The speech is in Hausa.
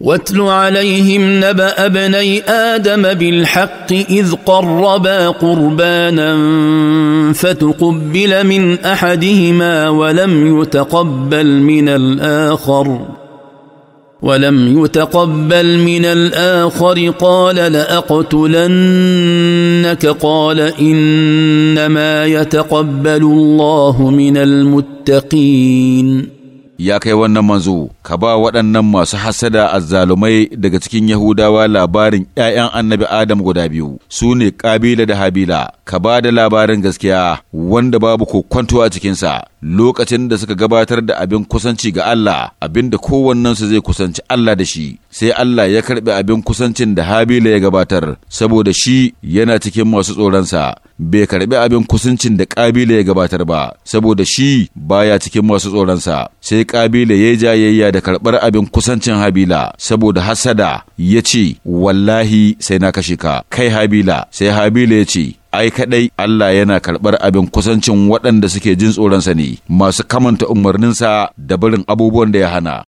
واتل عليهم نبا ابني ادم بالحق اذ قربا قربانا فتقبل من احدهما ولم يتقبل من الاخر ولم يتقبل من الاخر قال لاقتلنك قال انما يتقبل الله من المتقين ya kai wannan manzo, ka ba waɗannan masu hasada azzalumai daga cikin Yahudawa labarin ‘ya'yan annabi Adam guda biyu, su ne ƙabila da habila. ka ba da labarin gaskiya wanda babu ko kwanto a cikinsa lokacin da suka gabatar da abin kusanci ga Allah abin da kowannensu zai kusanci Allah da shi sai Allah ya karɓi abin kusancin da Habila ya gabatar saboda shi yana cikin masu tsoronsa bai karɓi abin kusancin da Kabila ya gabatar ba saboda shi baya cikin masu tsoronsa sai Kabila ya jayayya da karɓar abin kusancin Habila saboda hasada ya ce wallahi sai na kashe ka kai Habila sai Habila ya ce ai kadai Allah yana karɓar abin kusancin waɗanda suke jin tsoronsa ne masu kamanta umarninsa da barin abubuwan da ya hana